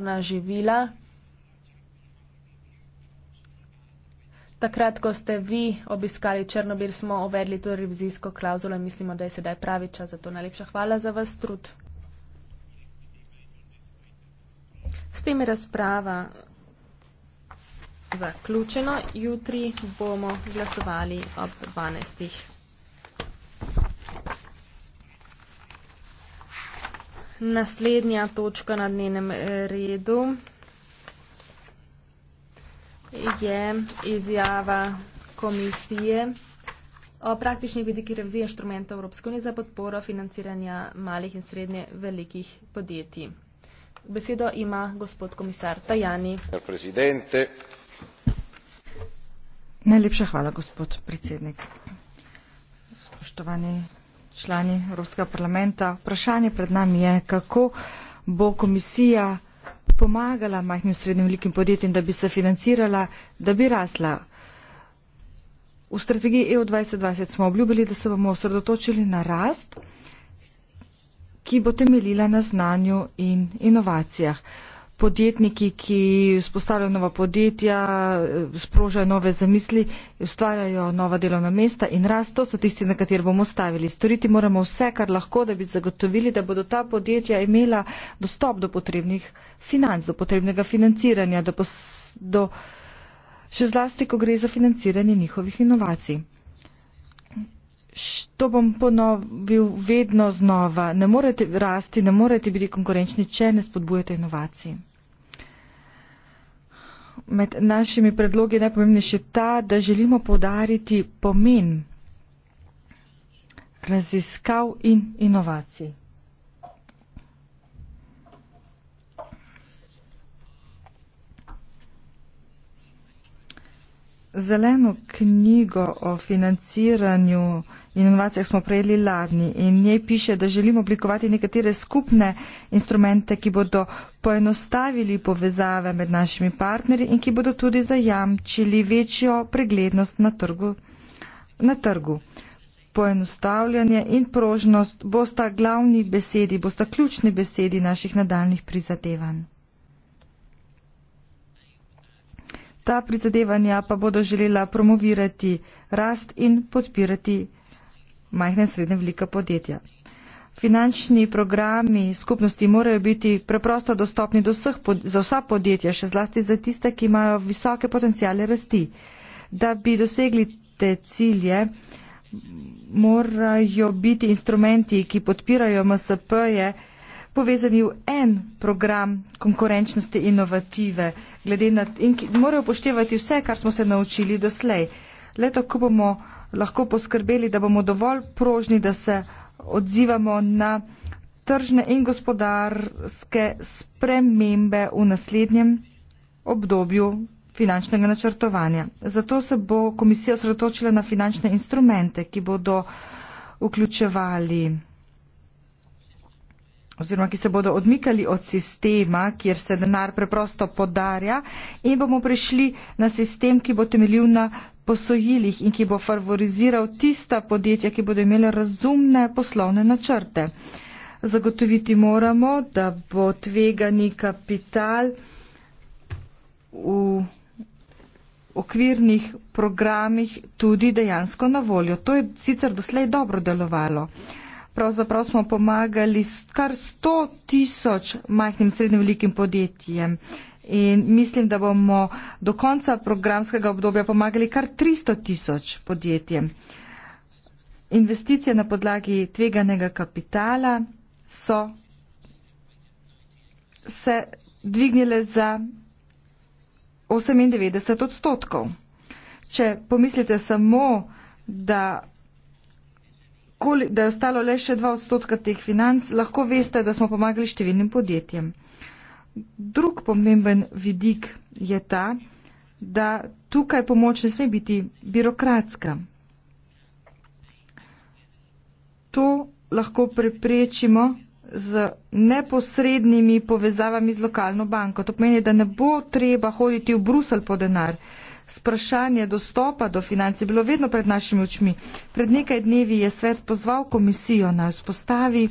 varna živila. Takrat, ko ste vi obiskali Črnobir, smo uvedli to revizijsko klauzulo in mislimo, da je sedaj pravi čas za to. Najlepša hvala za vas trud. S tem je razprava zaključena. Jutri bomo glasovali ob 12. naslednja točka na dnevnem eh, redu je izjava komisije o praktični vidiki revizije inštrumentov Evropske unije za podporo financiranja malih in srednje velikih podjetij. Besedo ima gospod komisar Tajani. Najlepša hvala, gospod predsednik. Spoštovani člani Evropskega parlamenta. Vprašanje pred nami je, kako bo komisija pomagala majhnim srednjim velikim podjetjem, da bi se financirala, da bi rasla. V strategiji EU 2020 smo obljubili, da se bomo osredotočili na rast, ki bo temeljila na znanju in inovacijah podjetniki, ki spostavljajo nova podjetja, sprožajo nove zamisli, ustvarjajo nova delovna mesta in rast, to so tisti, na kateri bomo stavili. Storiti moramo vse, kar lahko, da bi zagotovili, da bodo ta podjetja imela dostop do potrebnih financ, do potrebnega financiranja, do pos, do, še zlasti, ko gre za financiranje njihovih inovacij. To bom ponovil vedno znova. Ne morete rasti, ne morete biti konkurenčni, če ne spodbujete inovacij med našimi predlogi najpomembnejši ta, da želimo podariti pomen raziskav in inovacij. Zeleno knjigo o financiranju inovacijah smo prejeli ladni in njej piše, da želimo oblikovati nekatere skupne instrumente, ki bodo poenostavili povezave med našimi partnerji in ki bodo tudi zajamčili večjo preglednost na trgu. Na trgu. Poenostavljanje in prožnost bosta glavni besedi, bosta ključni besedi naših nadaljnih prizadevanj. Ta prizadevanja pa bodo želela promovirati rast in podpirati majhna in srednja velika podjetja. Finančni programi skupnosti morajo biti preprosto dostopni do vseh, za vsa podjetja, še zlasti za tiste, ki imajo visoke potencijale rasti. Da bi dosegli te cilje, morajo biti instrumenti, ki podpirajo MSP-je, povezani v en program konkurenčnosti inovative, glede na in morajo upoštevati vse, kar smo se naučili doslej. Le tako bomo lahko poskrbeli, da bomo dovolj prožni, da se odzivamo na tržne in gospodarske spremembe v naslednjem obdobju finančnega načrtovanja. Zato se bo komisija osredotočila na finančne instrumente, ki bodo vključevali oziroma ki se bodo odmikali od sistema, kjer se denar preprosto podarja in bomo prišli na sistem, ki bo temeljil na posojilih in ki bo favoriziral tista podjetja, ki bodo imela razumne poslovne načrte. Zagotoviti moramo, da bo tvegani kapital v okvirnih programih tudi dejansko na voljo. To je sicer doslej dobro delovalo. Pravzaprav smo pomagali kar 100 tisoč majhnim srednjim velikim podjetjem in mislim, da bomo do konca programskega obdobja pomagali kar 300 tisoč podjetjem. Investicije na podlagi tveganega kapitala so se dvignile za 98 odstotkov. Če pomislite samo, da, koli, da je ostalo le še 2 odstotka teh financ, lahko veste, da smo pomagali številnim podjetjem. Drug pomemben vidik je ta, da tukaj pomoč ne sme biti birokratska. To lahko preprečimo z neposrednimi povezavami z lokalno banko. To pomeni, da ne bo treba hoditi v Brusel po denar. Sprašanje dostopa do financ je bilo vedno pred našimi očmi. Pred nekaj dnevi je svet pozval komisijo na vzpostavi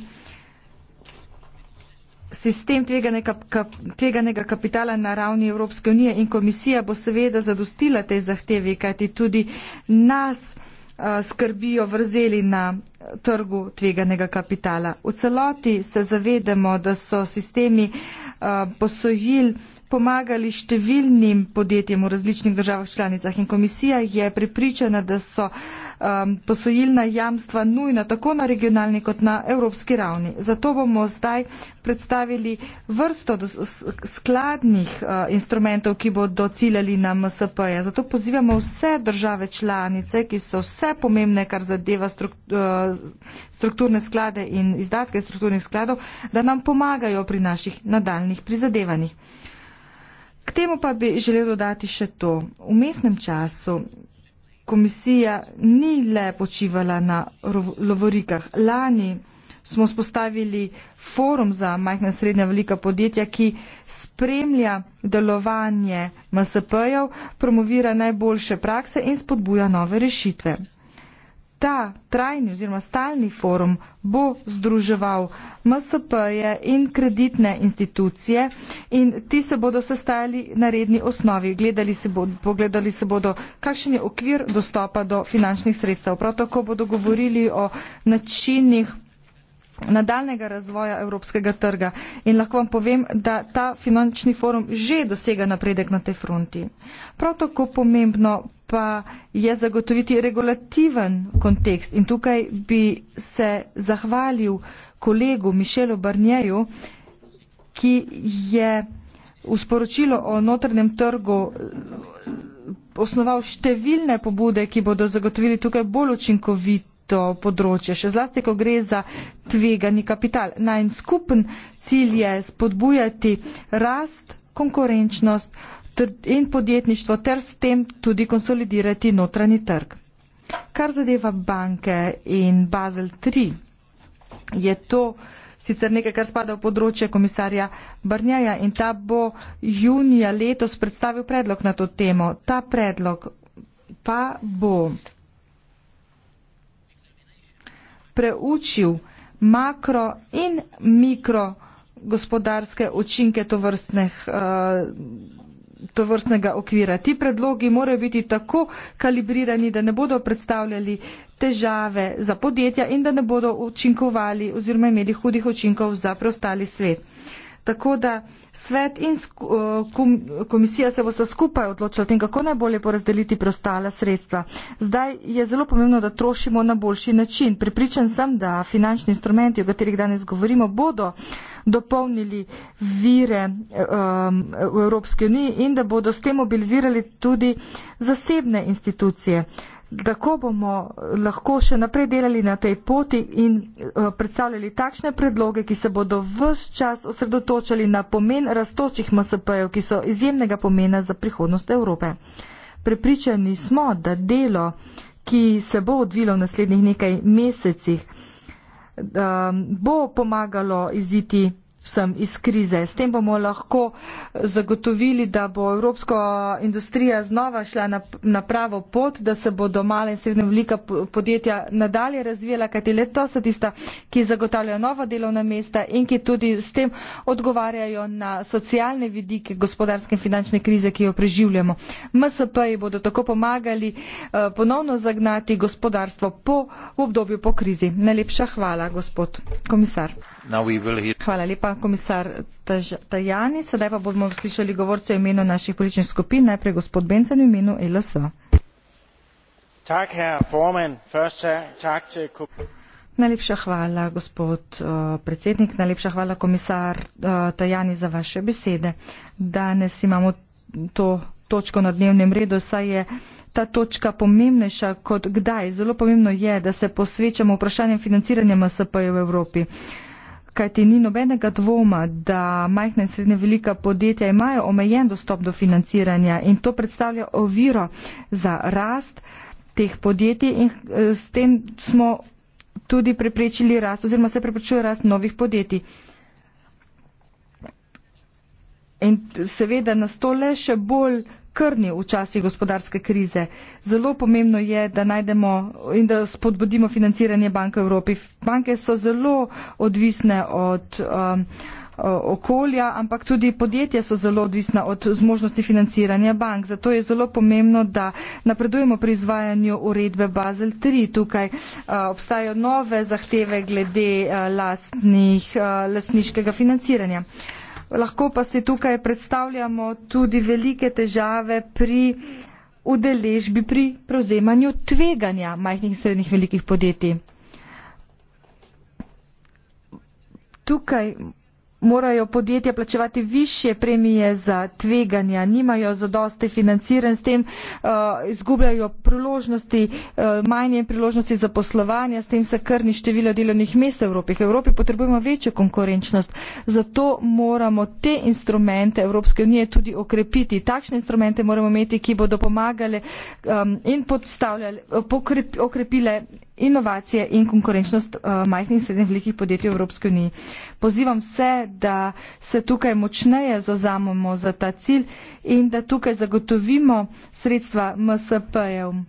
sistem tveganega kapitala na ravni Evropske unije in komisija bo seveda zadostila tej zahtevi, kajti tudi nas eh, skrbijo vrzeli na eh, trgu tveganega kapitala. V celoti se zavedamo, da so sistemi eh, posojil pomagali številnim podjetjem v različnih državah članicah in komisija je pripričana, da so um, posojilna jamstva nujna tako na regionalni kot na evropski ravni. Zato bomo zdaj predstavili vrsto skladnih uh, instrumentov, ki bodo ciljali na MSP-je. Zato pozivamo vse države članice, ki so vse pomembne, kar zadeva uh, strukturne sklade in izdatke strukturnih skladov, da nam pomagajo pri naših nadaljnih prizadevanjih. K temu pa bi želel dodati še to. V mestnem času komisija ni le počivala na lovorikah. Lani smo spostavili forum za majhna in srednja velika podjetja, ki spremlja delovanje MSP-jev, promovira najboljše prakse in spodbuja nove rešitve ta trajni oziroma stalni forum bo združeval MSP-je in kreditne institucije in ti se bodo sestajali na redni osnovi. Gledali se bodo, pogledali se bodo, kakšen je okvir dostopa do finančnih sredstev. Prav tako bodo govorili o načinih nadaljnega razvoja evropskega trga. In lahko vam povem, da ta finančni forum že dosega napredek na tej fronti. Prav tako pomembno pa je zagotoviti regulativen kontekst in tukaj bi se zahvalil kolegu Mišelu Barnjeju, ki je v sporočilo o notrnem trgu eh, osnoval številne pobude, ki bodo zagotovili tukaj bolj učinkovit to področje, še zlasti, ko gre za tvegani kapital. Najn skupen cilj je spodbujati rast, konkurenčnost in podjetništvo ter s tem tudi konsolidirati notranji trg. Kar zadeva banke in Basel III, je to sicer nekaj, kar spada v področje komisarja Brnjaja in ta bo junija letos predstavil predlog na to temo. Ta predlog pa bo preučil makro in mikro gospodarske učinke tovrstnih. Uh, tovrstnega okvira. Ti predlogi morajo biti tako kalibrirani, da ne bodo predstavljali težave za podjetja in da ne bodo učinkovali oziroma imeli hudih učinkov za preostali svet. Tako da Svet in eh, komisija se bosta skupaj odločila o tem, kako najbolje porazdeliti preostala sredstva. Zdaj je zelo pomembno, da trošimo na boljši način. Pripričan sem, da finančni instrumenti, o katerih danes govorimo, bodo dopolnili vire um, v Evropski uniji in da bodo s tem mobilizirali tudi zasebne institucije kako bomo lahko še naprej delali na tej poti in eh, predstavljali takšne predloge, ki se bodo vse čas osredotočali na pomen raztočih MSP-jev, ki so izjemnega pomena za prihodnost Evrope. Prepričani smo, da delo, ki se bo odvilo v naslednjih nekaj mesecih, eh, bo pomagalo iziti sem iz krize. S tem bomo lahko zagotovili, da bo evropska industrija znova šla na, na pravo pot, da se bodo male in srednje velika podjetja nadalje razvijala, kajti le to so tista, ki zagotavljajo nova delovna mesta in ki tudi s tem odgovarjajo na socialne vidike gospodarske in finančne krize, ki jo preživljamo. MSP-ji bodo tako pomagali eh, ponovno zagnati gospodarstvo po obdobju po krizi. Najlepša hvala, gospod komisar. Hvala lepa komisar Tajani. Sedaj pa bomo slišali govorce v imenu naših političnih skupin, najprej gospod Bencen v imenu LS. Tak, Najlepša hvala, gospod uh, predsednik. Najlepša hvala, komisar uh, Tajani, za vaše besede. Danes imamo to točko na dnevnem redu, saj je ta točka pomembnejša kot kdaj. Zelo pomembno je, da se posvečamo vprašanjem financiranja MSP-jev v Evropi. Uh, kajti ni nobenega dvoma, da majhna in srednja velika podjetja imajo omejen dostop do financiranja in to predstavlja oviro za rast teh podjetij in eh, s tem smo tudi preprečili rast oziroma se preprečuje rast novih podjetij. In seveda nas to le še bolj krnil v časih gospodarske krize. Zelo pomembno je, da najdemo in da spodbudimo financiranje banke v Evropi. Banke so zelo odvisne od um, okolja, ampak tudi podjetja so zelo odvisna od zmožnosti financiranja bank. Zato je zelo pomembno, da napredujemo pri izvajanju uredbe Basel III. Tukaj uh, obstajajo nove zahteve glede uh, lastnih, uh, lastniškega financiranja. Uh, lahko pa si tukaj predstavljamo tudi velike težave pri udeležbi, pri prevzemanju tveganja majhnih in srednjih velikih podjetij. Tukaj morajo podjetja plačevati više premije za tveganja, nimajo zadoste financiranj, s tem uh, izgubljajo priložnosti, uh, manje priložnosti za poslovanje, s tem se krni število delovnih mest v Evropi. V Evropi potrebujemo večjo konkurenčnost, zato moramo te instrumente Evropske unije tudi okrepiti. Takšne instrumente moramo imeti, ki bodo pomagale um, in pokrepile inovacije in konkurenčnost uh, majhnih in srednjih velikih podjetij v Evropski uniji. Pozivam vse, da se tukaj močneje zozamemo za ta cilj in da tukaj zagotovimo sredstva MSP-jev.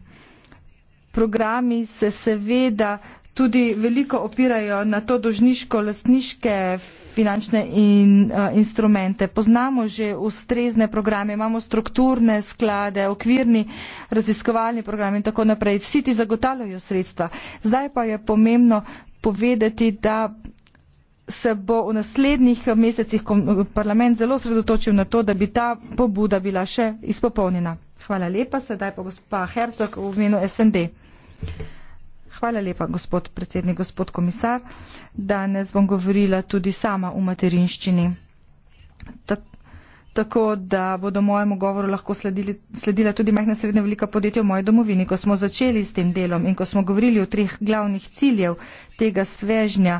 Programi se seveda tudi veliko opirajo na to dožniško-lastniške finančne in, uh, instrumente. Poznamo že ustrezne programe, imamo strukturne sklade, okvirni raziskovalni program in tako naprej. Vsi ti zagotavljajo sredstva. Zdaj pa je pomembno povedati, da se bo v naslednjih mesecih parlament zelo sredotočil na to, da bi ta pobuda bila še izpopolnjena. Hvala lepa, sedaj pa gospa Hercog v imenu SND. Hvala. Hvala lepa, gospod predsednik, gospod komisar. Danes bom govorila tudi sama v materinščini. Tak, tako da bodo mojemu govoru lahko sledili, sledila tudi mehna srednja velika podjetja v moji domovini. Ko smo začeli s tem delom in ko smo govorili o treh glavnih ciljev tega svežnja,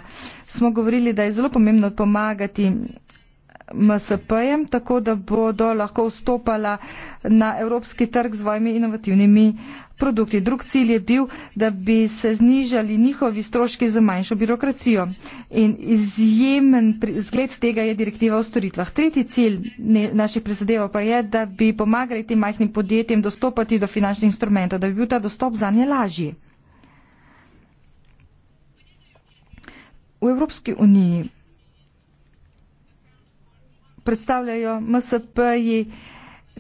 smo govorili, da je zelo pomembno pomagati MSP-jem, tako da bodo lahko vstopala na evropski trg s svojimi inovativnimi produkti. Drug cilj je bil, da bi se znižali njihovi stroški za manjšo birokracijo. In izjemen zgled tega je direktiva o storitvah. Tretji cilj naših prizadev pa je, da bi pomagali tem majhnim podjetjem dostopati do finančnih instrumentov, da bi bil ta dostop za nje lažji. V Evropski uniji predstavljajo MSP-ji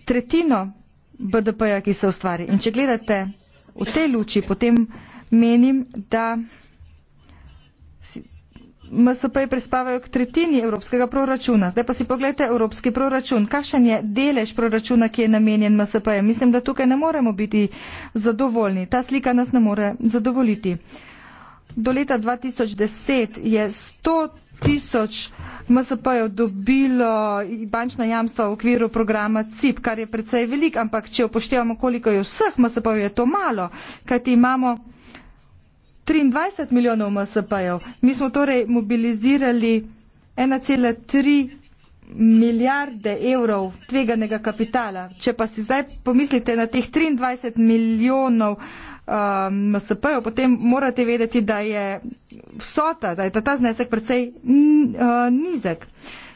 tretjino BDP-ja, ki se ustvari. In če gledate v tej luči, potem menim, da MSP-ji prispavajo k tretjini evropskega proračuna. Zdaj pa si pogledajte evropski proračun. Kakšen je delež proračuna, ki je namenjen MSP-jem? Mislim, da tukaj ne moremo biti zadovoljni. Ta slika nas ne more zadovoljiti. Do leta 2010 je 100 tisoč MSP je dobilo bančna jamstva v okviru programa CIP, kar je precej velik, ampak če upoštevamo, koliko je vseh MSP, je to malo, kajti imamo 23 milijonov MSP. -jev. Mi smo torej mobilizirali 1,3 milijona milijarde evrov tveganega kapitala. Če pa si zdaj pomislite na teh 23 milijonov um, MSP-jev, potem morate vedeti, da je vsota, da je ta znesek precej uh, nizek.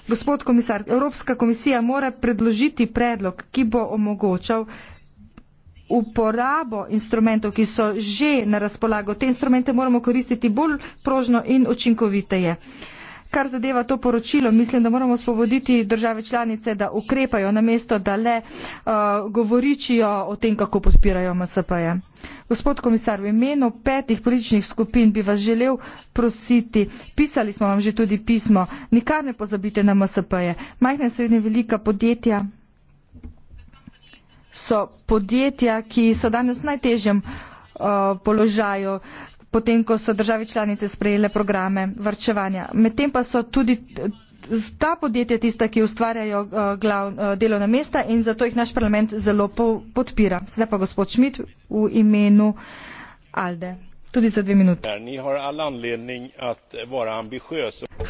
Gospod komisar, Evropska komisija mora predložiti predlog, ki bo omogočal uporabo instrumentov, ki so že na razpolago. Te instrumente moramo koristiti bolj prožno in učinkoviteje. Uh, kar zadeva to poročilo, mislim, da moramo spobuditi države članice, da ukrepajo na mesto, da le uh, govoričijo o tem, kako podpirajo MSP-je. Gospod komisar, v imenu petih političnih skupin bi vas želel prositi, pisali smo vam že tudi pismo, nikar ne pozabite na MSP-je. Majhna in srednja velika podjetja so podjetja, ki so danes v najtežjem uh, položaju potem, ko so države članice sprejele programe vrčevanja. Medtem pa so tudi ta podjetja tista, ki ustvarjajo eh, glav, eh, delovna mesta in zato jih naš parlament zelo podpira. Sedaj pa gospod Šmit v imenu Alde tudi za dve minuti.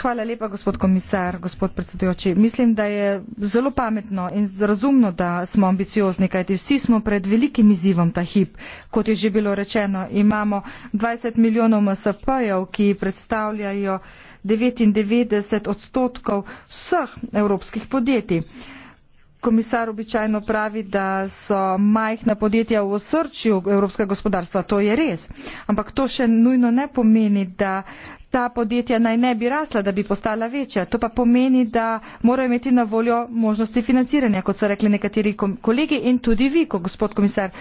Hvala lepa, gospod komisar, gospod predsedujoči. Mislim, da je zelo pametno in razumno, da smo ambiciozni, kajti vsi smo pred velikim izzivom ta hip. Kot je že bilo rečeno, imamo 20 milijonov MSP-jev, ki predstavljajo 99 odstotkov vseh evropskih podjetij komisar običajno pravi, da so majhna podjetja v osrčju evropskega gospodarstva. To je res. Ampak to še nujno ne pomeni, da ta podjetja naj ne bi rasla, da bi postala večja. To pa pomeni, da morajo imeti na voljo možnosti financiranja, kot so rekli nekateri kolegi in tudi vi, kot gospod komisar.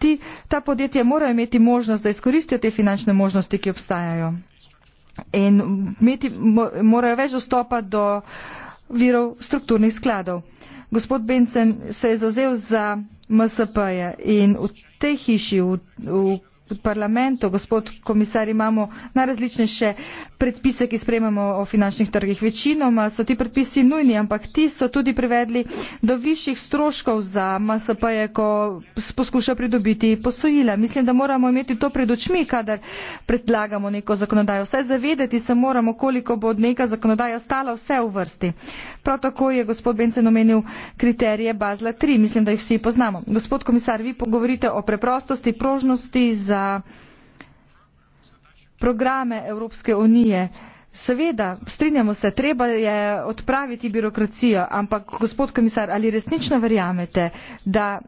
Ti, ta podjetja morajo imeti možnost, da izkoristijo te finančne možnosti, ki obstajajo. In imeti, morajo več dostopa do virov strukturnih skladov. Gospod Bencen se je zauzel za MSP-je in v tej hiši, v, v parlamentu, gospod komisar, imamo najrazličnejše predpise, ki sprejemamo o finančnih trgih. Večinoma so ti predpisi nujni, ampak ti so tudi privedli do višjih stroškov za MSP-je, ko poskuša pridobiti posojila. Mislim, da moramo imeti to pred očmi, kadar predlagamo neko zakonodajo. Vsaj zavedeti se moramo, koliko bo neka zakonodaja stala vse v vrsti. Prav tako je gospod Bencen omenil kriterije Bazla 3, mislim, da jih vsi poznamo. Gospod komisar, vi pogovorite o preprostosti, prožnosti za programe Evropske unije. Seveda, strinjamo se, treba je odpraviti birokracijo, ampak gospod komisar, ali resnično verjamete, da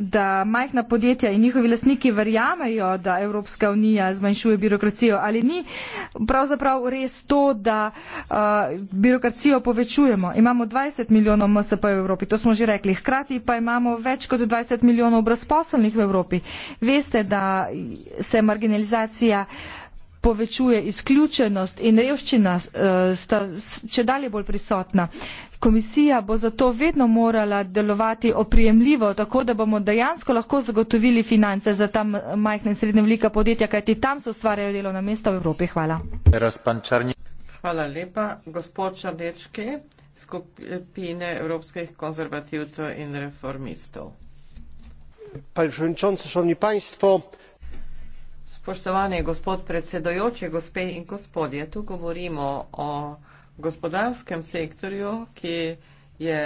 da majhna podjetja in njihovi lasniki verjamejo, da Evropska unija zmanjšuje birokracijo ali ni. Pravzaprav res to, da uh, birokracijo povečujemo. Imamo 20 milijonov MSP v Evropi, to smo že rekli. Hkrati pa imamo več kot 20 milijonov brezposelnih v Evropi. Veste, da se marginalizacija. Uh, povečuje izključenost in revščina eh, sta če dalje bolj prisotna. Komisija bo zato vedno morala delovati oprijemljivo, tako da bomo dejansko lahko zagotovili finance za tam majhne in srednje velika podjetja, kajti tam se ustvarjajo delovna mesta v Evropi. Hvala. Hvala lepa. Gospod Čardečki, skupine Evropskih konzervativcev in reformistov. Pani predsednica, šovni panstvo, Spoštovani gospod predsedojoči, gospe in gospodje, tu govorimo o gospodarskem sektorju, ki je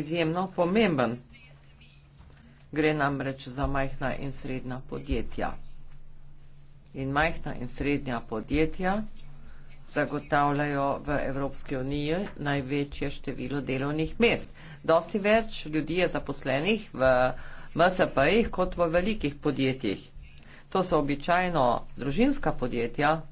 izjemno pomemben. Gre namreč za majhna in srednja podjetja. In majhna in srednja podjetja zagotavljajo v Evropski uniji največje število delovnih mest. Dosti več ljudi je zaposlenih v MSP-jih kot v velikih podjetjih. To so običajno družinska podjetja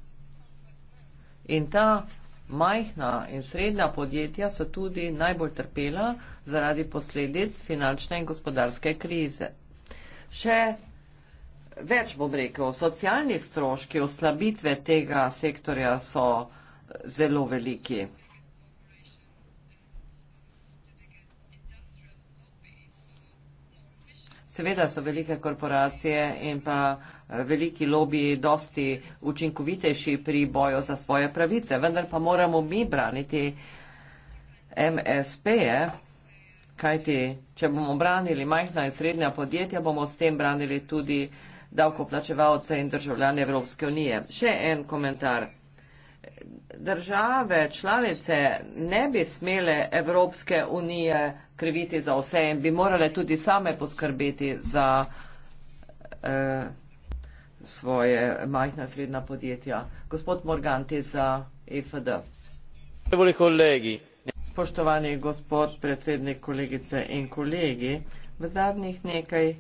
in ta majhna in srednja podjetja so tudi najbolj trpela zaradi posledic finančne in gospodarske krize. Še več bom rekel, socialni stroški oslabitve tega sektorja so zelo veliki. Seveda so velike korporacije in pa uh, veliki lobiji dosti učinkovitejši pri boju za svoje pravice. Vendar pa moramo mi braniti MSP-je, kajti če bomo branili majhna in srednja podjetja, bomo s tem branili tudi davkoplačevalce in državljane Evropske unije. Še en komentar. Države članice ne bi smele Evropske unije kriviti za vse in bi morale tudi same poskrbeti za eh, svoje majhna srednja podjetja. Gospod Morganti za EFD. Spoštovani gospod predsednik, kolegice in kolegi, v zadnjih nekaj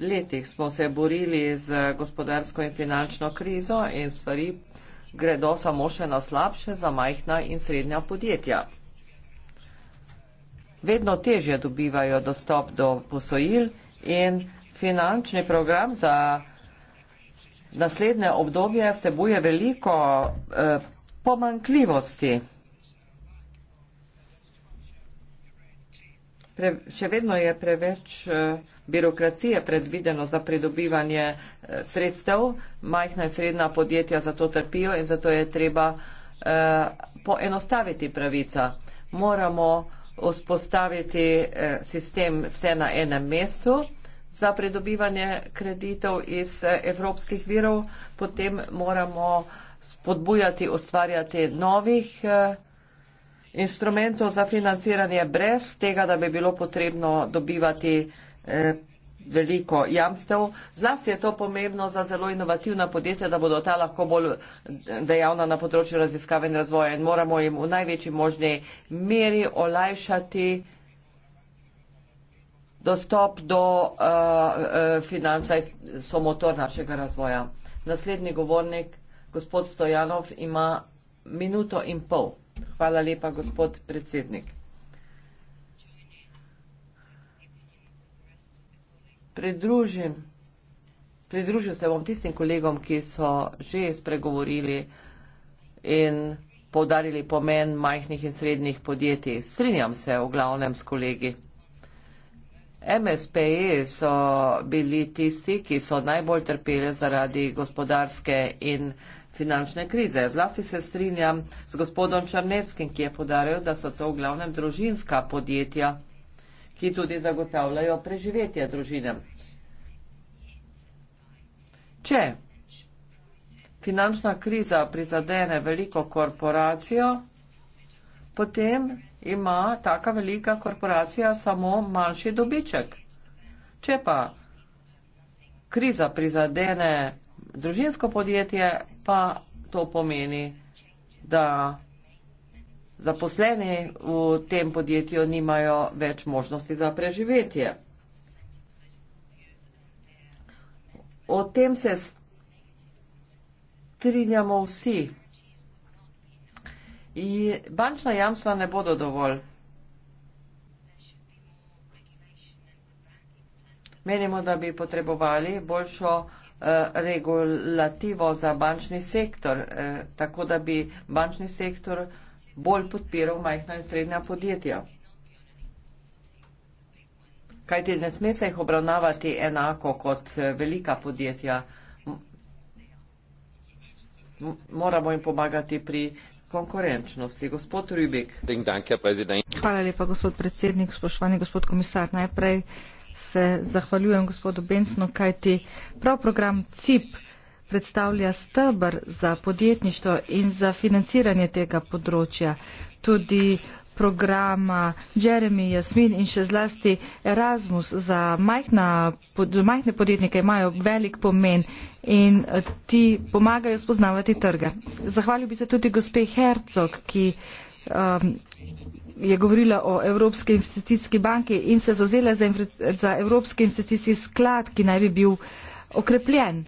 letih smo se borili z gospodarsko in finančno krizo in stvari gredo samo še na slabše za majhna in srednja podjetja. Vedno težje dobivajo dostop do posojil in finančni program za naslednje obdobje vsebuje veliko eh, pomankljivosti. Pre, še vedno je preveč uh, birokracije predvideno za pridobivanje uh, sredstev, majhna in srednja podjetja za to trpijo in zato je treba uh, poenostaviti pravica. Moramo vzpostaviti uh, sistem vse na enem mestu za predobivanje kreditov iz eh, evropskih virov, potem moramo spodbujati ustvarjati novih eh, instrumentov za financiranje brez tega, da bi bilo potrebno dobivati eh, veliko jamstev. Zlasti je to pomembno za zelo inovativna podjetja, da bodo ta lahko bolj dejavna na področju raziskave in razvoja in moramo jim v največji možni meri olajšati dostop do eh, eh, financa so motor našega razvoja. Naslednji govornik, gospod Stojanov, ima minuto in pol. Hvala lepa, gospod predsednik. Pridružim, pridružil se bom tistim kolegom, ki so že spregovorili in povdarili pomen majhnih in srednjih podjetij. Strinjam se v glavnem s kolegi. MSP-ji e so bili tisti, ki so najbolj trpeli zaradi gospodarske in finančne krize. Zlasti se strinjam z gospodom Črneckim, ki je podaril, da so to v glavnem družinska podjetja, ki tudi zagotavljajo preživetje družinem. Če finančna kriza prizadene veliko korporacijo, potem ima taka velika korporacija samo manjši dobiček. Če pa kriza prizadene družinsko podjetje, pa to pomeni, da zaposleni v tem podjetju nimajo več možnosti za preživetje. O tem se strinjamo vsi in bančna jamstva ne bodo dovolj. Menimo, da bi potrebovali boljšo eh, regulativo za bančni sektor, eh, tako da bi bančni sektor bolj podpiral majhna in srednja podjetja. Kajti ne sme se jih obravnavati enako kot eh, velika podjetja. Moramo jim pomagati pri konkurenčnosti. Gospod Rübek. Hvala lepa, gospod predsednik, spoštovani gospod komisar. Najprej se zahvaljujem gospodu Bencnu, kajti prav program CIP predstavlja stebr za podjetništvo in za financiranje tega področja. Tudi programa Jeremy, Jasmin in še zlasti Erasmus za majhna, pod, majhne podjetnike imajo velik pomen in eh, ti pomagajo spoznavati trge. Zahvalil bi se tudi gospe Hercog, ki um, je govorila o Evropske investicijske banke in se zazela za, za Evropske investicijski sklad, ki naj bi bil okrepljen.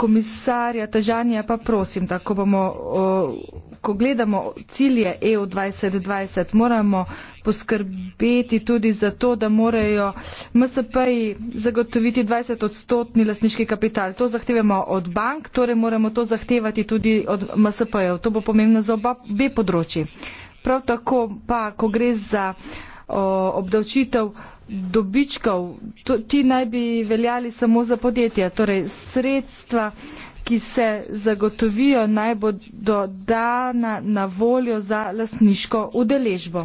Komisarja Tažanja pa prosim, da ko bomo o, ko gledamo cilje EU 2020, moramo poskrbeti tudi za to, da morajo MSP-ji zagotoviti 20 odstotni lasniški kapital. To zahtevamo od bank, torej moramo to zahtevati tudi od MSP-jev. To bo pomembno za oba B področji. Prav tako pa, ko gre za o, obdavčitev dobičkov, to, ti naj bi veljali samo za podjetja, torej sredstva ki se zagotovijo, naj bodo dana na voljo za lasniško udeležbo.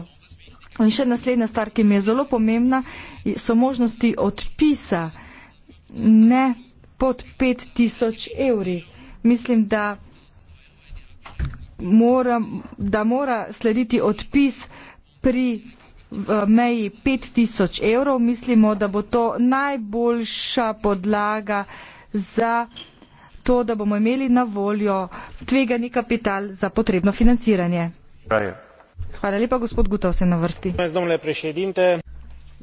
In še naslednja stvar, ki mi je zelo pomembna, so možnosti odpisa ne pod 5000 evri. Mislim, da, moram, da mora slediti odpis pri meji 5000 evrov. Mislimo, da bo to najboljša podlaga za to, da bomo imeli na voljo tvegani kapital za potrebno financiranje. Raje. Hvala lepa, gospod Gutov, se na vrsti.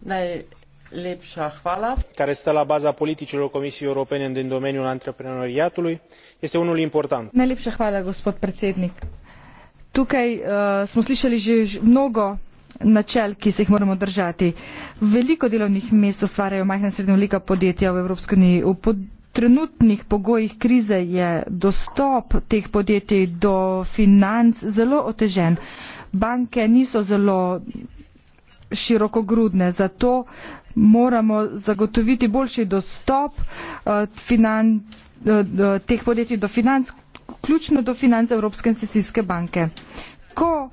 Najlepša hvala. Kar je stala baza političnega komisije Evropejne in domenju na antreprenorijatu, je se unul important. Najlepša hvala, gospod predsednik. Tukaj uh, smo slišali že mnogo načel, ki se jih moramo držati. Veliko delovnih mest ustvarjajo majhna in srednja velika podjetja v Evropski uniji. V pod trenutnih pogojih krize je dostop teh podjetij do financ zelo otežen. Banke niso zelo širokogrudne, zato moramo zagotoviti boljši dostop eh, finan, eh, eh, teh podjetij do financ, ključno do financ Evropske institucijske banke. Ko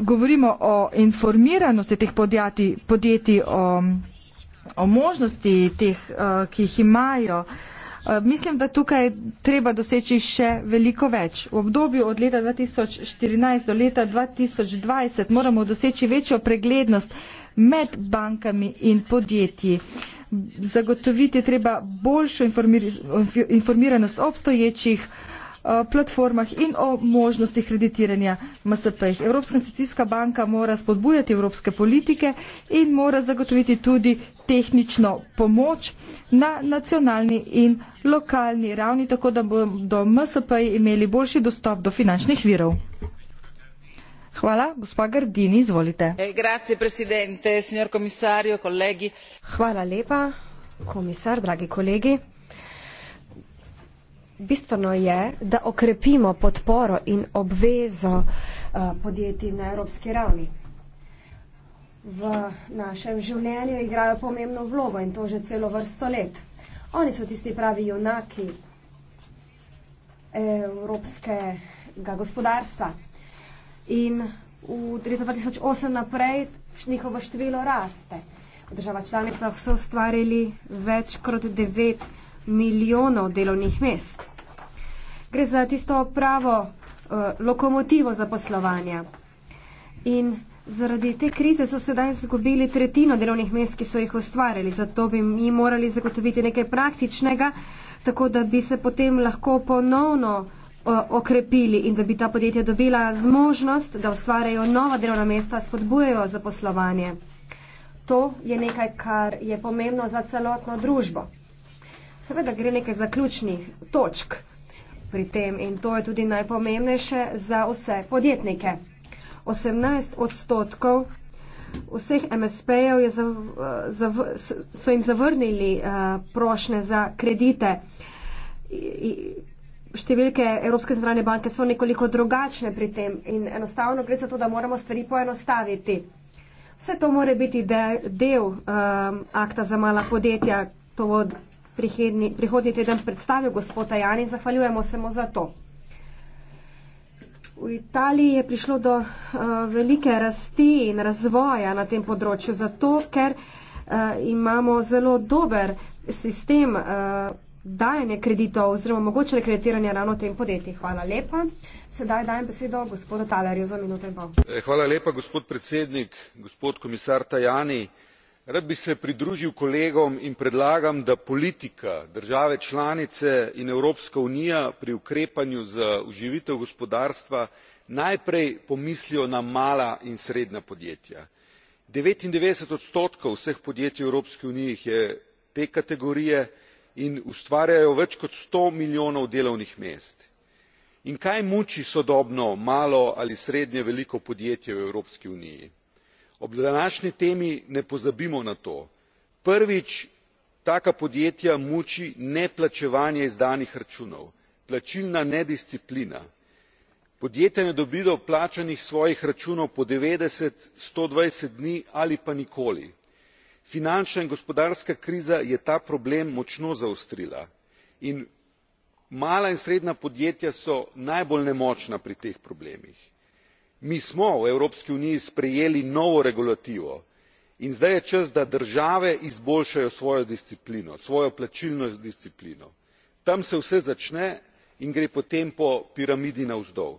govorimo o informiranosti teh podjetij, podjetij o o možnosti teh, eh, ki jih imajo. Eh, mislim, da tukaj treba doseči še veliko več. V obdobju od leta 2014 do leta 2020 moramo doseči večjo preglednost med bankami in podjetji. Zagotoviti treba boljšo informiranost obstoječih uh, Eh, platformah in o možnosti kreditiranja MSP-jih. Evropska institucijska banka mora spodbujati evropske politike in mora zagotoviti tudi tehnično pomoč na nacionalni in lokalni ravni, tako da bodo MSP-ji imeli boljši dostop do finančnih virov. Hvala, gospa Gardini, izvolite. Eh, Hvala lepa, komisar, dragi kolegi bistveno je, da okrepimo podporo in obvezo eh, podjetij na evropski ravni. V našem življenju igrajo pomembno vlogo in to že celo vrsto let. Oni so tisti pravi junaki evropskega gospodarstva. In v letu 2008 naprej njihovo število raste. V državah članicah so ustvarili več kot devet milijonov milijonov delovnih mest. Gre za tisto pravo uh, lokomotivo za poslovanje. In zaradi te krize so sedaj zgubili tretjino delovnih mest, ki so jih ustvarili. Zato bi mi morali zagotoviti nekaj praktičnega, tako da bi se potem lahko ponovno eh, okrepili in da bi ta podjetja dobila zmožnost, da ustvarjajo nova delovna mesta, spodbujajo za poslovanje. To je nekaj, kar je pomembno za celotno družbo seveda gre nekaj zaključnih točk pri tem in to je tudi najpomembnejše za vse podjetnike. 18 odstotkov vseh MSP-jev so jim zavrnili eh, prošne za kredite. Številke Evropske centralne banke so nekoliko drugačne pri tem in enostavno gre za to, da moramo stvari poenostaviti. Vse to more biti del, del eh, um, akta za mala podjetja, to bo prihodni, prihodni teden predstavil gospod Tajani, zahvaljujemo se mu za to. V Italiji je prišlo do uh, velike rasti in razvoja na tem področju, zato ker uh, imamo zelo dober sistem uh, dajanja kreditov oziroma mogoče kreditiranja ravno tem podjetij. Hvala lepa. Sedaj dajem besedo gospodu Talerju za minuto in pol. Hvala lepa, gospod predsednik, gospod komisar Tajani. Uh, rad bi se pridružil kolegom in predlagam da politika države članice in evropska unija pri ukrepanju za oživitev gospodarstva najprej pomislijo na mala in srednja podjetja devetindevetdeset odstotkov vseh podjetij v evropski uniji jih je te kategorije in ustvarjajo več kot sto milijonov delovnih mest in kaj muči sodobno malo ali srednje veliko podjetje v evropski uniji? ob današnji temi ne pozabimo na to prvič taka podjetja muči neplačevanje izdanih računov plačilna nedisciplina podjetja ne dobijo plačanih svojih računov po devetdeset sto dvajset dni ali pa nikoli finančna in gospodarska kriza je ta problem močno zaostrila in mala in srednja podjetja so najbolj nemočna pri teh problemih mi smo v evropski uniji sprejeli novo regulativo in zdaj je čas da države izboljšajo svojo disciplino svojo plačilno disciplino tam se vse začne in gre potem po piramidi navzdol.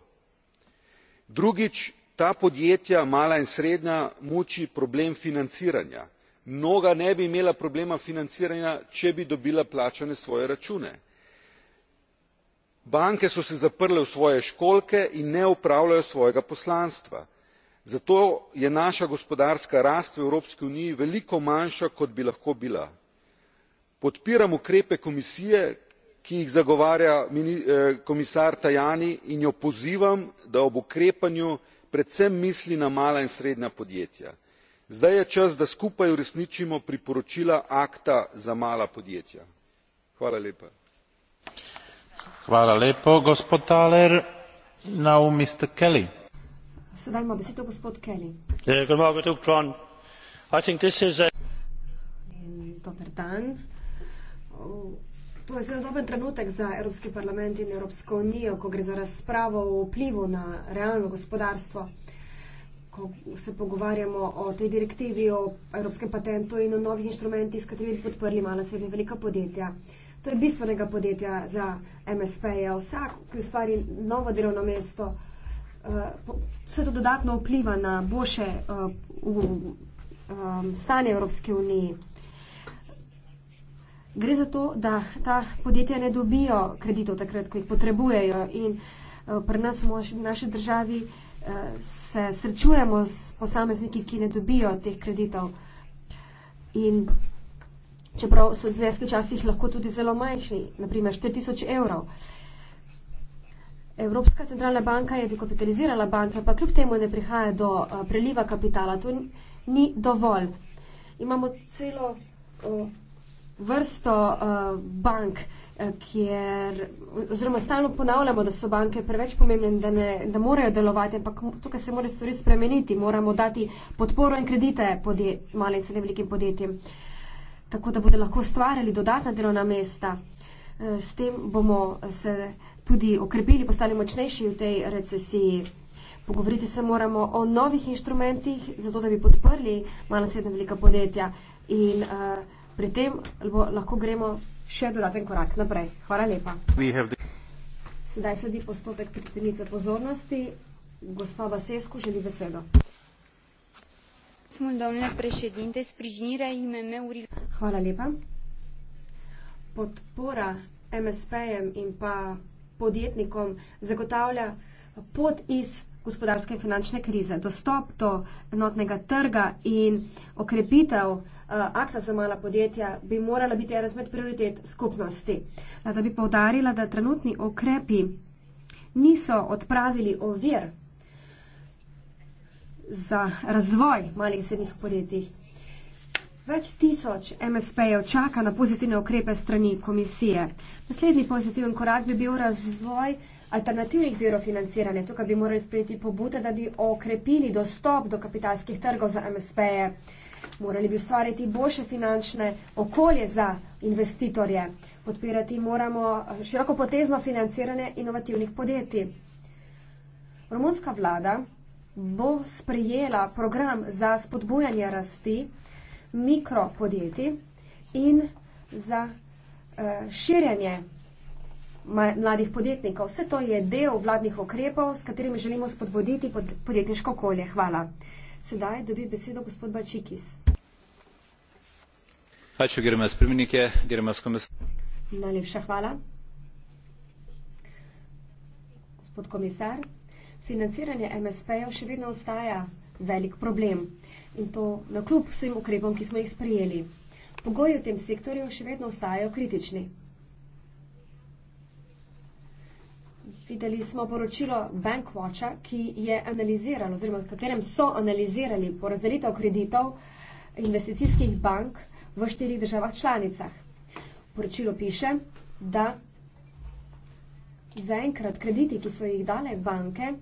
drugič ta podjetja mala in srednja muči problem financiranja mnoga ne bi imela problema financiranja če bi dobila plačane svoje račune banke so se zaprle v svoje školjke in ne opravljajo svojega poslanstva zato je naša gospodarska rast v evropski uniji veliko manjša kot bi lahko bila. podpiram ukrepe komisije ki jih zagovarja eh, komisar tajani in jo pozivam da ob ukrepanju predvsem misli na mala in srednja podjetja. zdaj je čas da skupaj uresničimo priporočila akta za mala podjetja. Ja, to je zelo dober trenutek za Evropski parlament in Evropsko unijo, ko gre za razpravo o vplivu na realno gospodarstvo. Ko se pogovarjamo o tej direktivi, o evropskem patentu in o novih inštrumentih, s katerimi bi podprli mala in srednja velika podjetja. To je bistvenega podjetja za MSP. -je. Vsak, ki ustvari novo delovno mesto, eh, vse to dodatno vpliva na boljše eh, eh, stanje Evropske unije. Gre za to, da ta podjetja ne dobijo kreditov takrat, ko jih potrebujejo in pri nas v naši državi se srečujemo s posamezniki, ki ne dobijo teh kreditov. In čeprav so zneski včasih lahko tudi zelo manjši, naprimer 4000 evrov. Evropska centralna banka je dekapitalizirala banke, pa kljub temu ne prihaja do a, eh, preliva kapitala. To ni dovolj. Imamo celo o, vrsto a, eh, bank, a, eh, kjer, oziroma stalno ponavljamo, da so banke preveč pomembne in da, da morajo delovati, ampak tukaj se mora stvari spremeniti. Moramo dati podporo in kredite podje, malim in srednjim velikim podjetjem tako da bodo lahko ustvarjali dodatna delovna mesta. E, s tem bomo e, se tudi okrepili, postali močnejši v tej recesiji. Pogovoriti se moramo o novih inštrumentih, zato da bi podprli malo srednja velika podjetja in uh, pri tem bo, lahko gremo še dodaten korak naprej. Hvala lepa. Sedaj sledi postopek pritrditve pozornosti. Gospa Vasesko želi besedo sprijinirea imm urilor Hvala lepa. Podpora MSP-jem in pa podjetnikom zagotavlja pot iz gospodarske in finančne krize, dostop do enotnega trga in okrepitev uh, akta za mala podjetja bi morala biti ena izmed prioritet skupnosti. Rada bi povdarila, da trenutni okrepi niso odpravili ovir za razvoj malih in srednjih podjetij. Več tisoč MSP-jev čaka na pozitivne ukrepe strani komisije. Naslednji pozitiven korak bi bil razvoj alternativnih virov financiranja. Tukaj bi morali sprejeti pobude, da bi okrepili dostop do kapitalskih trgov za MSP-je. Morali bi ustvariti boljše finančne okolje za investitorje. Podpirati moramo eh, široko potezno financiranje inovativnih podjetij. Romunska vlada bo sprejela program za spodbujanje rasti mikropodjetij in za eh, širjenje mladih podjetnikov. Vse to je del vladnih ukrepov, s katerimi želimo spodbuditi podjetniško okolje. Hvala. Sedaj dobi besedo gospod Balčikis. Hvala, gremo spremenike, gremo s komisarjem. Najlepša hvala. Gospod komisar financiranje MSP-jev še vedno ostaja velik problem in to na kljub vsem ukrepom, ki smo jih sprijeli. Pogoji v tem sektorju še vedno ostajajo kritični. Videli smo poročilo Bankwatcha, ki je analiziral, oziroma katerem so analizirali porazdelitev kreditov investicijskih bank v štirih državah članicah. Poročilo piše, da zaenkrat krediti, ki so jih dale banke,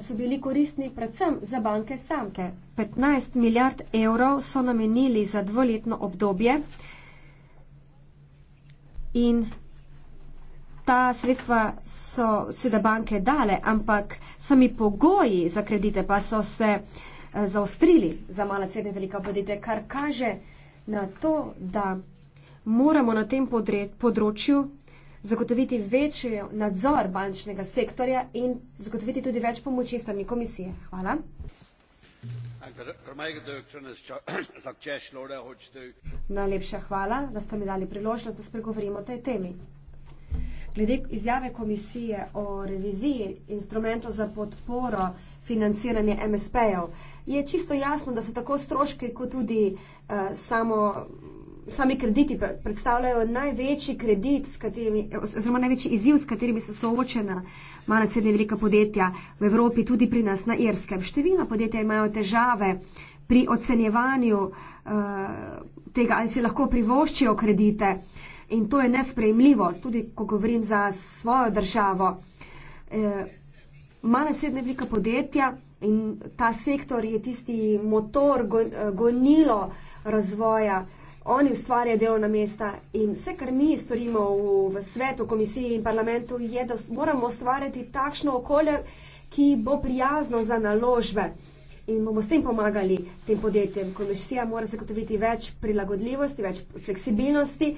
so bili koristni predvsem za banke samke. 15 milijard evrov so namenili za dvoletno obdobje in ta sredstva so seveda banke dale, ampak sami pogoji za kredite pa so se eh, zaostrili za mala srednja velika podjetja, kar kaže na to, da moramo na tem področju zagotoviti večji nadzor bančnega sektorja in zagotoviti tudi več pomoči strani komisije. Hvala. Najlepša hvala, da ste mi dali priložnost, da spregovorimo o tej temi. Glede izjave komisije o reviziji instrumentov za podporo financiranje MSP-jev, je čisto jasno, da so tako stroški kot tudi uh, samo sami krediti predstavljajo največji kredit, katerimi, oziroma največji izziv, s katerimi so soočena mala srednja velika podjetja v Evropi, tudi pri nas na Irskem. Številna podjetja imajo težave pri ocenjevanju uh, tega, ali si lahko privoščijo kredite in to je nesprejemljivo, tudi ko govorim za svojo državo. Uh, mala srednja velika podjetja. In ta sektor je tisti motor, eh, gonilo razvoja oni ustvarjajo delovna mesta in vse, kar mi storimo v, v svetu, komisiji in parlamentu, je, da moramo ustvarjati takšno okolje, ki bo prijazno za naložbe in bomo s tem pomagali tem podjetjem. Komisija mora zagotoviti več prilagodljivosti, več fleksibilnosti.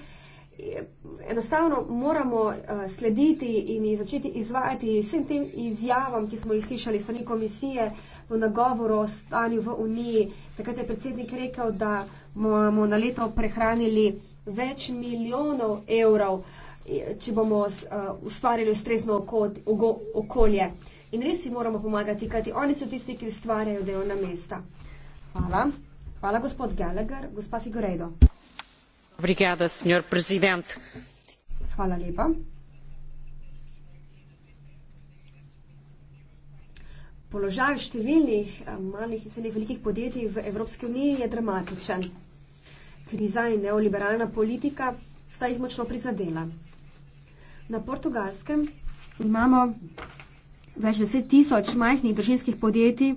Enostavno moramo uh, slediti in začeti izvajati vsem tem izjavam, ki smo jih slišali strani komisije v nagovoru o stanju v Uniji. Takrat je predsednik rekel, da bomo na leto prehranili več milijonov evrov, če bomo eh, ustvarili ustrezno okolje. In res si moramo pomagati, kajti oni so tisti, ki ustvarjajo delovna mesta. Hvala. Hvala, gospod Gallagher. Gospa Figurejdo. Obrigada, senjor prezident. Hvala lepa. Položaj številnih eh, malih in srednjih velikih podjetij v Evropski uniji je dramatičen. Kriza in neoliberalna politika sta jih močno prizadela. Na portugalskem imamo več deset tisoč majhnih družinskih podjetij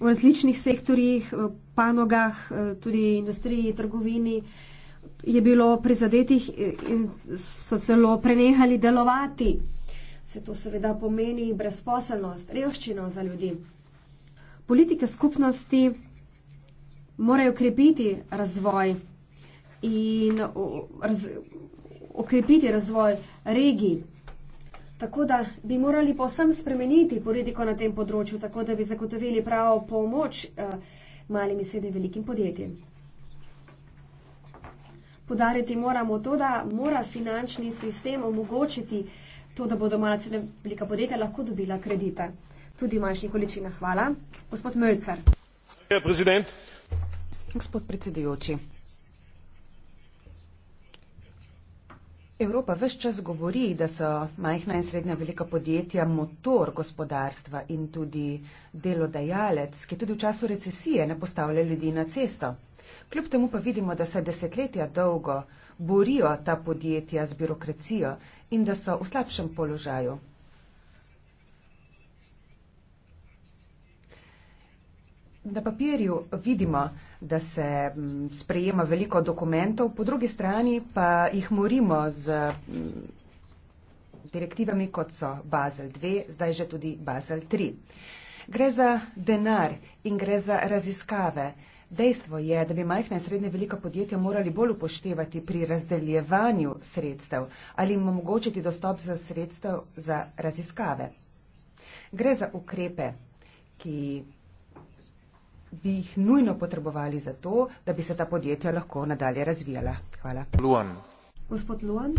v različnih sektorjih, panogah, eh, tudi industriji, trgovini je bilo prizadetih in so celo prenehali delovati. Se to seveda pomeni brezposelnost, revščino za ljudi. Politike skupnosti morajo krepiti razvoj in raz, okrepiti razvoj regij. Tako da bi morali povsem spremeniti politiko na tem področju, tako da bi zagotovili pravo pomoč eh, malim in srednjim velikim podjetjem. Podariti moramo to, da mora finančni sistem omogočiti to, da bodo mala in velika podjetja lahko dobila kredite. Tudi v manjših količinah. Hvala. Gospod Mölcer. Hvala, predsednik gospod predsedujoči. Evropa vse čas govori, da so majhna in srednja velika podjetja motor gospodarstva in tudi delodajalec, ki tudi v času recesije ne postavlja ljudi na cesto. Kljub temu pa vidimo, da se desetletja dolgo borijo ta podjetja z birokracijo in da so v slabšem položaju. Na papirju vidimo, da se mm, sprejema veliko dokumentov, po drugi strani pa jih morimo z mm, direktivami, kot so Basel II, zdaj že tudi Basel III. Gre za denar in gre za raziskave. Dejstvo je, da bi majhna in srednja velika podjetja morali bolj upoštevati pri razdeljevanju sredstev ali jim omogočiti dostop za sredstev za raziskave. Gre za ukrepe, ki bi jih nujno potrebovali za to, da bi se ta podjetja lahko nadalje razvijala. Hvala. Luan. Gospod Luan.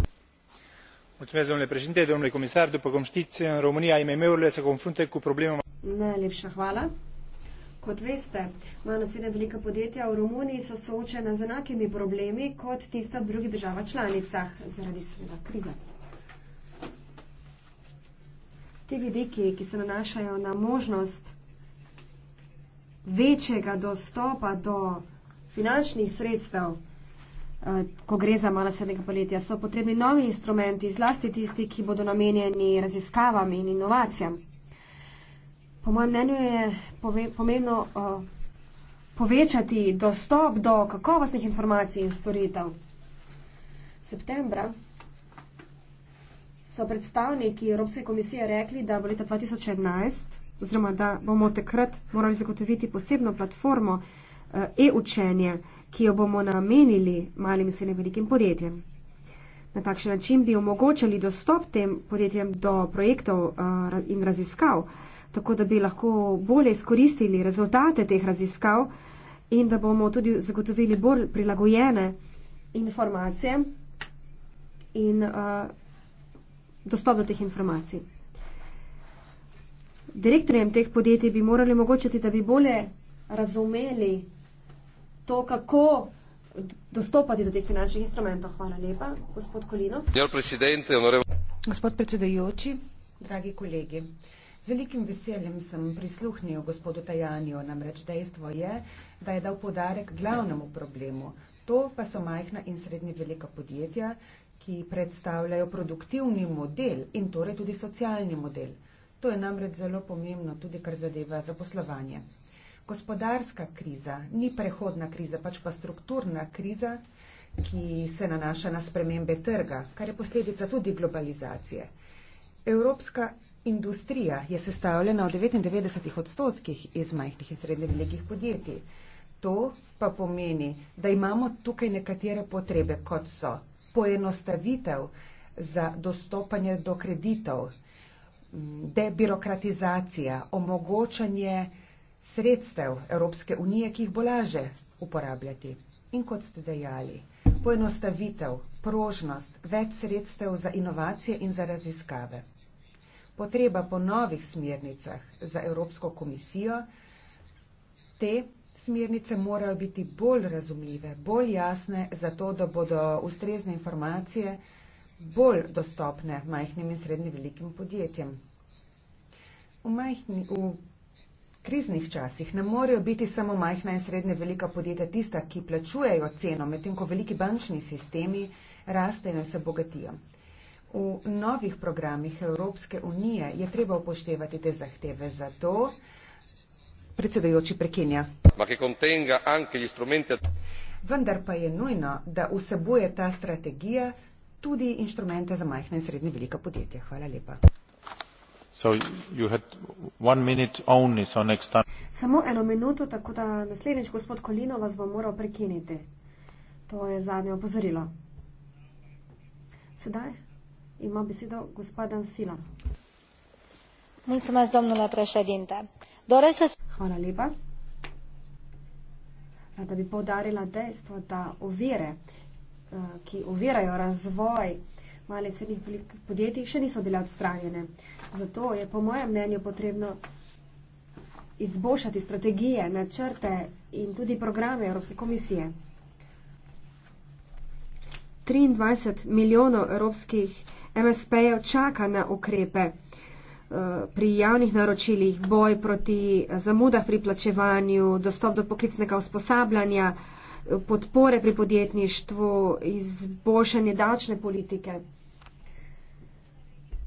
Mulțumesc, domnule președinte, domnule comisar, după cum știți, în România IMM-urile se confruntă cu probleme... Najlepša hvala. Kot veste, malo sedem velika podjetja v Romuniji so soočena z enakimi problemi kot tista v drugih državah članicah zaradi sveda krize. Ti vidiki, ki se nanašajo na možnost večjega dostopa do finančnih sredstev, eh, ko gre za mala srednjega podjetja, so potrebni novi instrumenti, zlasti tisti, ki bodo namenjeni raziskavam in inovacijam. Po mojem mnenju je pove, pomembno uh, povečati dostop do kakovostnih informacij in storitev. Septembra so predstavniki Evropske komisije rekli, da bo leta 2011 oziroma da bomo takrat morali zagotoviti posebno platformo eh, e-učenje, ki jo bomo namenili malim in srednjim velikim podjetjem. Na takšen način bi omogočali dostop tem podjetjem do projektov eh, in raziskav, tako da bi lahko bolje izkoristili rezultate teh raziskav in da bomo tudi zagotovili bolj prilagojene informacije in uh, dostop do teh informacij direktorjem teh podjetij bi morali omogočiti, da bi bolje razumeli to, kako dostopati do teh finančnih instrumentov. Hvala lepa, gospod Kolino. Gospod predsedajoči, dragi kolegi. Z velikim veseljem sem prisluhnil gospodu Tajanju, namreč dejstvo je, da je dal podarek glavnemu problemu. To pa so majhna in srednje velika podjetja, ki predstavljajo produktivni model in torej tudi socialni model. To je namreč zelo pomembno tudi, kar zadeva zaposlovanje. Gospodarska kriza ni prehodna kriza, pač pa strukturna kriza, ki se nanaša na spremembe trga, kar je posledica tudi globalizacije. Evropska industrija je sestavljena v 99 odstotkih iz majhnih in srednje velikih podjetij. To pa pomeni, da imamo tukaj nekatere potrebe, kot so poenostavitev za dostopanje do kreditov, debirokratizacija, omogočanje sredstev Evropske unije, ki jih bo laže uporabljati. In kot ste dejali, poenostavitev, prožnost, več sredstev za inovacije in za raziskave. Potreba po novih smernicah za Evropsko komisijo, te smernice morajo biti bolj razumljive, bolj jasne, zato da bodo ustrezne informacije, bolj dostopne majhnim in srednje velikim podjetjem. V, majhni, v kriznih časih ne morejo biti samo majhna in srednje velika podjetja tista, ki plačujejo ceno, medtem ko veliki bančni sistemi rastejo in se bogatijo. V novih programih Evropske unije je treba upoštevati te zahteve za to, predsedujoči prekinja. Vendar pa je nujno, da vsebuje ta strategija tudi inštrumente za majhna in srednje velika podjetja. Hvala lepa. Only, so Samo eno minuto, tako da naslednjič, gospod Kolino, vas bom moral prekiniti. To je zadnje opozorilo. Sedaj ima besedo gospod Ansila. Mulțumesc, domnule președinte. Doresc să... Hvala lepa. Rada bi poudarila dejstvo, da ovire, Eh, ki ovirajo razvoj malih srednjih podjetij, še niso bile odstranjene. Zato je po mojem mnenju potrebno izboljšati strategije, načrte in tudi programe Evropske komisije. 23 milijonov evropskih MSP-jev čaka na ukrepe eh, pri javnih naročilih, boj proti zamudah pri plačevanju, dostop do poklicnega usposabljanja, podpore pri podjetništvu, izboljšanje davčne politike.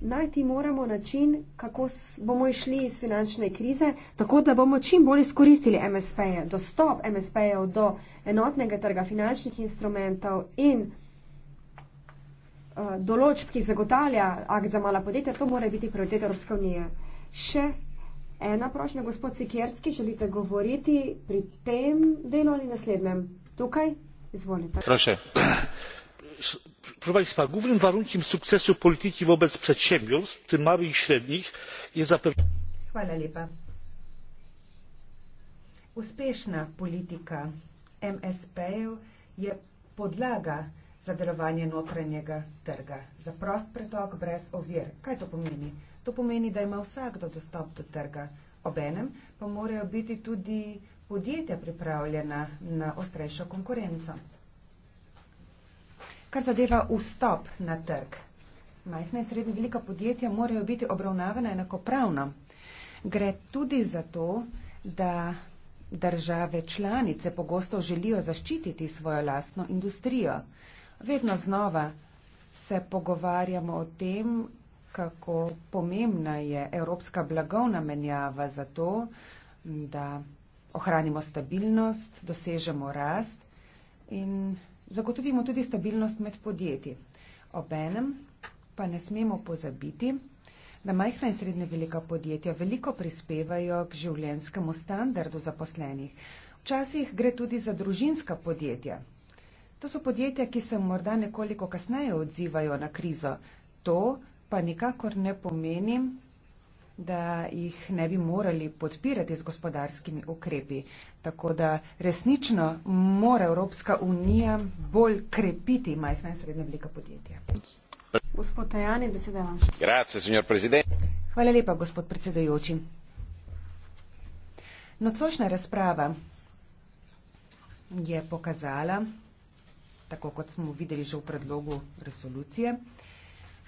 Najti moramo način, kako bomo išli iz finančne krize, tako da bomo čim bolj izkoristili MSP-je, dostop MSP-jev do enotnega trga finančnih instrumentov in eh, določb, ki zagotavlja akt za mala podjetja, to mora biti prioritet Evropske unije. Še ena prošnja, gospod Sikerski, želite govoriti pri tem delu ali naslednjem? głównym warunkiem sukcesu polityki wobec przedsiębiorstw w tym małych i średnich jest zapewnienie. uspieszna polityka mśp powinna być podlagą za delovanje notranjega trga za prost pretok brez ovir. Kaj to pomeni? To pomeni, da ima vsakdo dostop do trga, obenem pa morajo biti tudi podjetja pripravljena na ostrejšo konkurenco. Kar zadeva vstop na trg. Majhna in srednja velika podjetja morajo biti obravnavana enakopravno. Gre tudi za to, da države članice pogosto želijo zaščititi svojo lastno industrijo. Vedno znova se pogovarjamo o tem, kako pomembna je evropska blagovna menjava za to, da ohranimo stabilnost, dosežemo rast in zagotovimo tudi stabilnost med podjetji. Obenem pa ne smemo pozabiti, da majhna in srednje velika podjetja veliko prispevajo k življenskemu standardu zaposlenih. Včasih gre tudi za družinska podjetja. To so podjetja, ki se morda nekoliko kasneje odzivajo na krizo. To pa nikakor ne pomeni, da jih ne bi morali podpirati z gospodarskimi ukrepi. Tako da resnično mora Evropska unija bolj krepiti majhna in srednja velika podjetja. Gospod Tajani, beseda vam. Grazie, signor Presidente. Hvala lepa, gospod predsedujoči. Nocošnja razprava je pokazala, tako kot smo videli že v predlogu resolucije,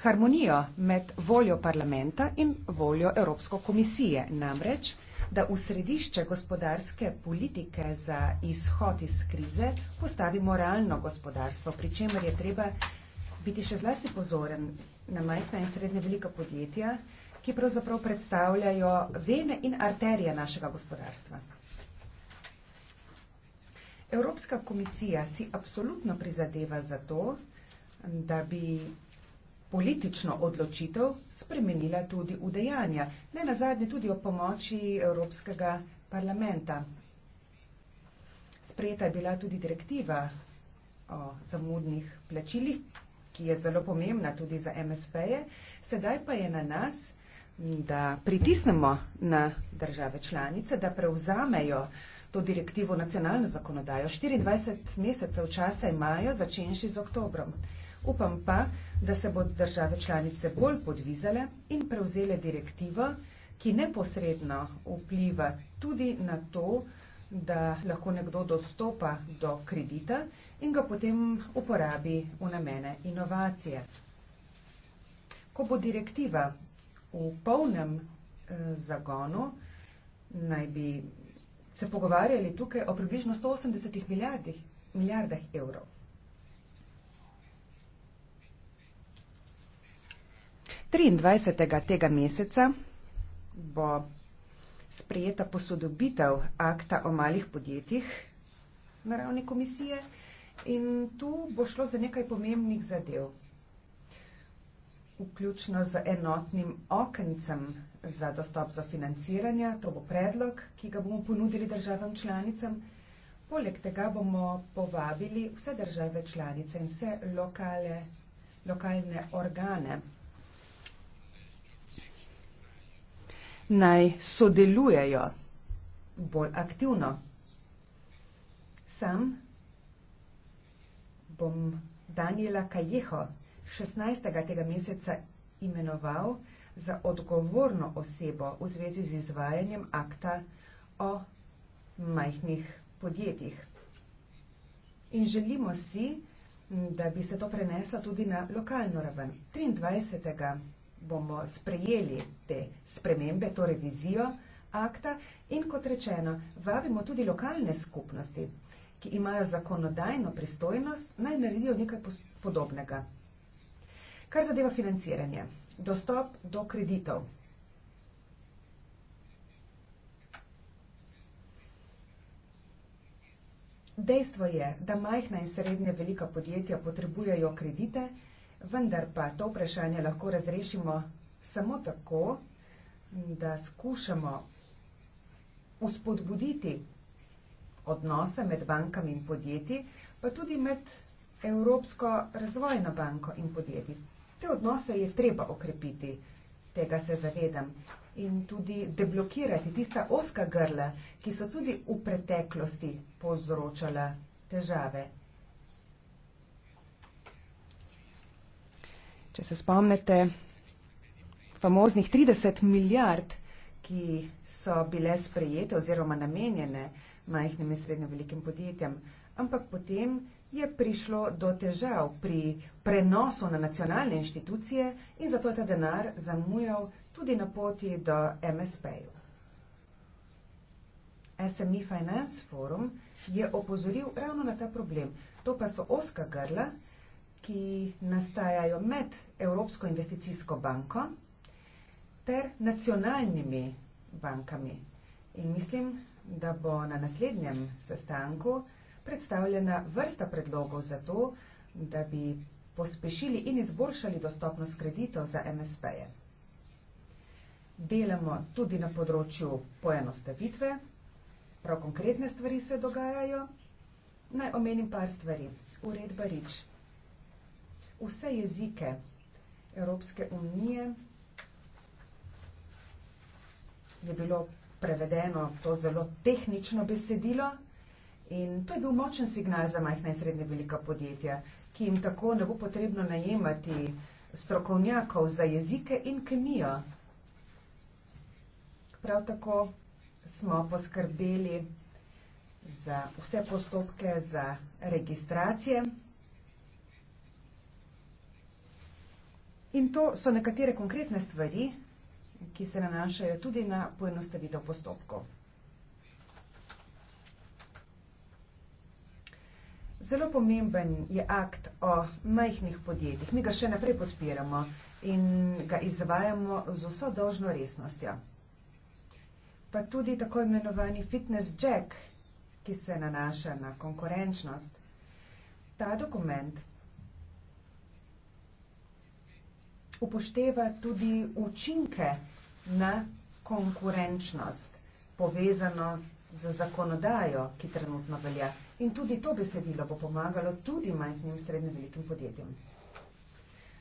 harmonijo med voljo parlamenta in voljo Evropsko komisije. Namreč, da v središče gospodarske politike za izhod iz krize postavi moralno gospodarstvo, pri čemer je treba biti še zlasti pozoren na majhna in srednje velika podjetja, ki pravzaprav predstavljajo vene in arterije našega gospodarstva. Evropska komisija si absolutno prizadeva za to, da bi politično odločitev spremenila tudi v dejanja, ne na zadnje tudi o pomoči Evropskega parlamenta. Sprejeta je bila tudi direktiva o zamudnih plačilih, ki je zelo pomembna tudi za MSP-je. Sedaj pa je na nas, da pritisnemo na države članice, da prevzamejo to direktivo nacionalno zakonodajo. 24 mesecev časa imajo, začenši z oktobrom. Upam pa, da se bodo države članice bolj podvizale in prevzele direktivo, ki neposredno vpliva tudi na to, da lahko nekdo dostopa do kredita in ga potem uporabi v namene inovacije. Ko bo direktiva v polnem eh, zagonu, naj bi se pogovarjali tukaj o približno 180 milijardah evrov. 23. tega meseca bo sprejeta posodobitev akta o malih podjetjih na ravni komisije in tu bo šlo za nekaj pomembnih zadev. Vključno z enotnim okencem za dostop za financiranje, to bo predlog, ki ga bomo ponudili državam članicam. Poleg tega bomo povabili vse države članice in vse lokale, lokalne organe naj sodelujejo bolj aktivno. Sam bom Daniela Kajeho 16. tega meseca imenoval za odgovorno osebo v zvezi z izvajanjem akta o majhnih podjetjih. In želimo si, da bi se to preneslo tudi na lokalno raven. 23 bomo sprejeli te spremembe, to revizijo akta in kot rečeno, vabimo tudi lokalne skupnosti, ki imajo zakonodajno pristojnost, naj naredijo nekaj podobnega. Kar zadeva financiranje, dostop do kreditov. Dejstvo je, da majhna in srednje velika podjetja potrebujejo kredite, Vendar pa to vprašanje lahko razrešimo samo tako, da skušamo uspodbuditi odnose med bankami in podjetji, pa tudi med Evropsko razvojno banko in podjetji. Te odnose je treba okrepiti, tega se zavedam, in tudi deblokirati tista oska grla, ki so tudi v preteklosti povzročala težave če se spomnite, famoznih 30 milijard, ki so bile sprejete oziroma namenjene majhnim in srednjo velikim podjetjem. Ampak potem je prišlo do težav pri prenosu na nacionalne inštitucije in zato je ta denar zamujal tudi na poti do MSP-ju. SME Finance Forum je opozoril ravno na ta problem. To pa so oska grla, ki nastajajo med Evropsko investicijsko banko ter nacionalnimi bankami. In mislim, da bo na naslednjem sestanku predstavljena vrsta predlogov za to, da bi pospešili in izboljšali dostopnost kreditov za MSP-je. Delamo tudi na področju poenostavitve, prav konkretne stvari se dogajajo. Naj omenim par stvari. Uredba RIČ vse jezike Evropske unije je bilo prevedeno to zelo tehnično besedilo in to je bil močen signal za majhna in srednje velika podjetja, ki jim tako ne bo potrebno najemati strokovnjakov za jezike in kemijo. Prav tako smo poskrbeli za vse postopke za registracije. In to so nekatere konkretne stvari, ki se nanašajo tudi na poenostavitev postopkov. Zelo pomemben je akt o majhnih podjetjih. Mi ga še naprej podpiramo in ga izvajamo z vso dolžno resnostjo. Pa tudi tako imenovani fitness jack, ki se nanaša na konkurenčnost. Ta dokument upošteva tudi učinke na konkurenčnost, povezano z zakonodajo, ki trenutno velja. In tudi to besedilo bo pomagalo tudi majhnim in srednjim velikim podjetjem.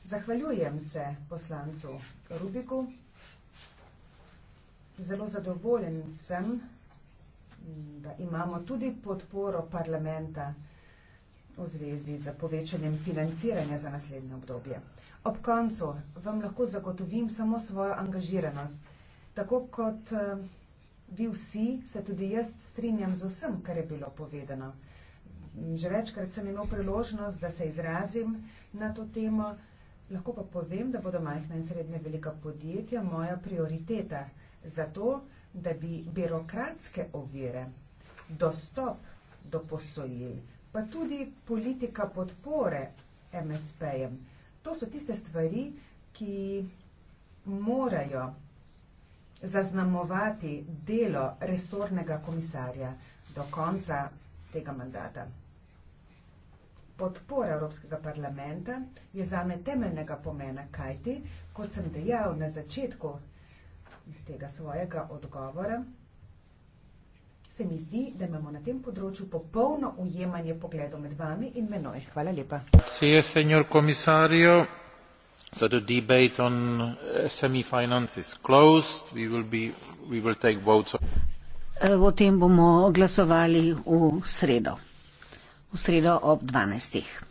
Zahvaljujem se poslancu Rubiku. Zelo zadovoljen sem, da imamo tudi podporo parlamenta v zvezi z povečanjem financiranja za naslednje obdobje. Ob koncu vam lahko zagotovim samo svojo angažiranost. Tako kot eh, vi vsi, se tudi jaz strinjam z vsem, kar je bilo povedano. Že večkrat sem imel priložnost, da se izrazim na to temo, lahko pa povem, da bodo majhna in srednja velika podjetja moja prioriteta za to, da bi birokratske ovire, dostop do posojil, pa tudi politika podpore MSP-jem, To so tiste stvari, ki morajo zaznamovati delo resornega komisarja do konca tega mandata. Podpora Evropskega parlamenta je zame temeljnega pomena, kajti, kot sem dejal na začetku tega svojega odgovora, se mi zdi, da imamo na tem področju popolno ujemanje pogledov med vami in menoj. Hvala lepa. So the debate on eh, SME finance is closed. We will be, we will take votes. Eh, o tem bomo glasovali v sredo. V sredo ob 12.